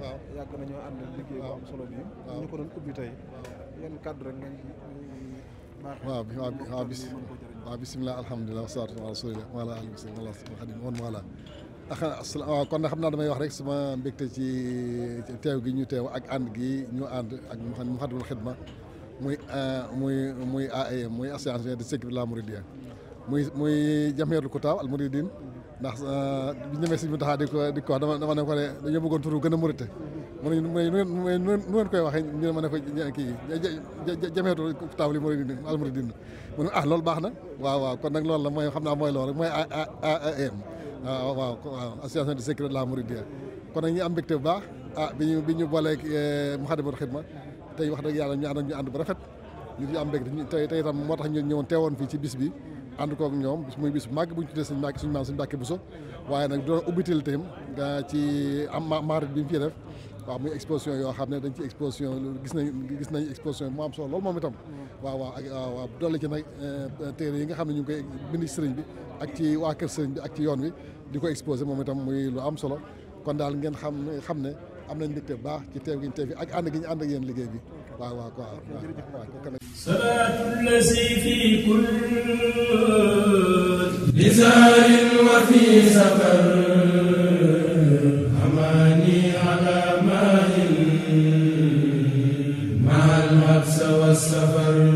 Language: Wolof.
waaw yàgg nañoo ànd liggéey bu am solo bi ñu ko doon ubbi tey yan kàddu rek nañ waaw waaw bis waaw bisimilah alhamdulilah wasalaatu ala rasulillah wala ali bi sal xadim woon waaw kon na xam naa damay wax rek sama mbégte ci teew gi ñu teew ak ànd gi ñu ànd ak mu Khidma euh, muy muy muy AAM muy association de sécurité la Mouridiyya muy muy jameerul kutaaw al muridin ndax euh, bi ñëwee si mu taxaa di ko di ko wax dama dama ne ko ne dañoo bëggoon turu gën a murite mu ne nu ngeen koy waxee ñu ne ma ne ko kii jameetu table yi muridin al muridin mu ne ah loolu baax na waaw waaw kon nag loolu la mooy xam naa mooy loolu mooy AAM waaw waaw association de sécurité de la mouridiyya kon nag ñu am mbégte bu baax ah bi ñu bi ñu booleeg euh, Moukhaddamatoul Khidma tey wax dëgg yàlla ñu ànd ñu ànd bu rafet ñu am mbégte tey tey itam moo tax ñu ñëwoon teewoon fii ci bis bi ànd koog ñoom muy bis bu màgg bu ñu tuddee suñu màgg suñu maam suñu Mbàkke Buso waaye nag doon ubbitil tam ci am maarit bi mu fiy def waaw muy exposition yoo xam ne dañ ci exposition gis nañ gis nañ exposition mu am solo loolu moom itam waaw waaw ak waaw waaw doole ci nag euh, nga xam ne ñu ngi koy bind bi ak ci waa kër sëriñ bi ak ci yoon wi di ko exposé moom itam muy lu am solo kon daal ngeen xam xam ne am nañ mbégte bu baax ci teew gi ñu teew fi ak ànd gi ñu ànd ak yéen liggéey bi waaw waaw waaw waaw salaatu lazi fi kull lisaarin wa fi safar amaani ala maahin maal habsa wa safar